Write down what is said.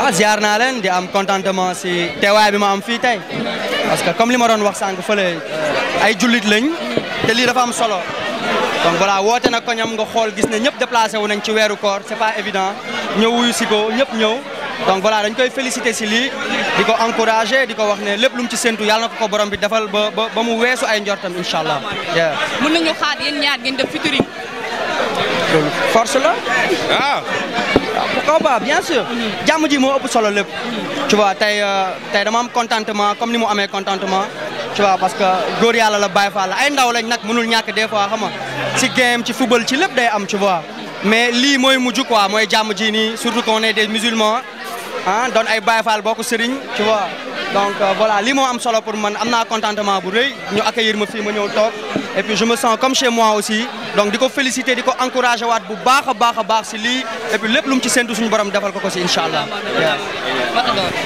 waaw ziar naa leen di am contentement si teewaay bi ma am fii tey parce que comme li ma doon wax sànq fële euh, ay jullit lañ te lii dafa am solo donc voilà woote na ko ñam nga xool gis ne ñëpp déplacé wu nañ ci weeru koor c'est pas évident ñëw si ko ñëpp ñëw donc voilà dañ koy féliciter si lii di ko encourager di ko wax ne lépp lu ci séntu yàlla na ko ko borom bi defal ba ba mu weesu ay njortam incha allah. mën nañu xaar yéen ñaar ngeen def featuring. loolu combat bien sûr. jàmm ji moo ëpp solo lépp. tu vois tey euh, tey dama am contentement comme ni mu amee contentement. tu vois parce que góor yàlla la Baye Fall la ay ndaw lañ nag mënul ñàkk des fois xam nga ci game ci football ci lépp day am tu vois. mais lii mooy mujj quoi mooy jàmm ji nii surtout qu'on est des musulmans ah doon ay Baye boo bokk sëriñ tu donc euh, voilà li moo am solo pour man amna contentement bu rëy ñu accueillir ma fii ma ñëw toog et puis je me sens comme chez moi aussi donc di ko féliciter di ko encourager waat bu baax a baax a baax et puis lépp lu mu ci séntu suñu borom defal ko ko si incha allah.